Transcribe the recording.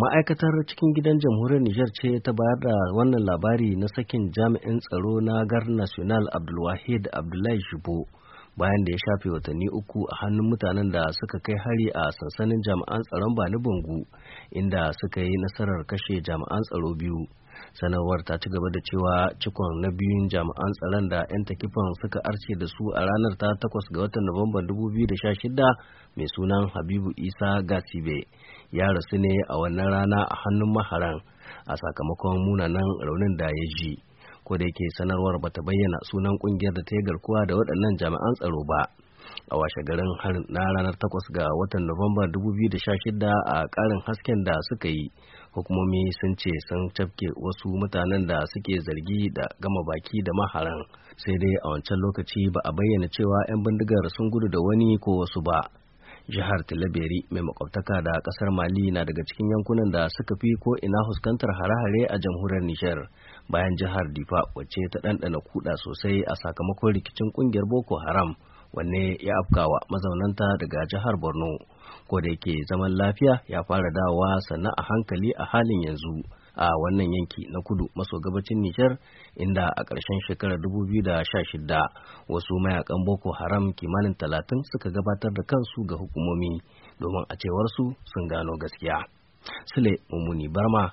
ma'aikatar cikin gidan jamhuriyar Nijar ce ta bayar da wannan labari na sakin jami'in tsaro na gar national abdulwahid abdullahi shibo bayan da ya shafe watanni uku a hannun mutanen da suka kai hari a sansanin jami'an tsaron bani bangu inda suka yi nasarar kashe jami'an tsaro biyu sanarwar ta ci gaba da cewa cikon na biyun jami'an tsaron da 'yan takifan suka arce da su a ranar ta takwas ga watan nuwamban 2016 mai sunan habibu isa gasibe ya rasu ne a wannan rana a hannun maharan a sakamakon munanan raunin da ya ji ko da yake sanarwar bata bayyana sunan kungiyar da ta yi garkuwa da waɗannan jami'an tsaro ba a washe garin harin na ranar takwas ga watan Nuwamba 2016 a ƙarin hasken da suka yi hukumomi sun ce sun cafke wasu mutanen da suke zargi da gama baki da maharan sai dai a wancan lokaci ba a bayyana cewa 'yan bindigar sun gudu da wani ko wasu ba jihar tilaberi mai makwabtaka da kasar mali na daga cikin yankunan da suka fi ko ina fuskantar hare-hare a jamhuriyar nishar bayan jihar Difa wacce ta ɗanɗana kuɗa sosai a sakamakon rikicin ƙungiyar Boko Haram wanne ya afkawa mazaunanta daga jihar Borno. Ko da yake zaman lafiya ya fara dawowa sannan a hankali a halin yanzu a wannan yanki na kudu maso gabacin Nijar inda a ƙarshen shekarar 2016 wasu mayakan Boko Haram kimanin talatin suka gabatar da kansu ga hukumomi domin a cewar su sun gano gaskiya. Sule Mummuni Barma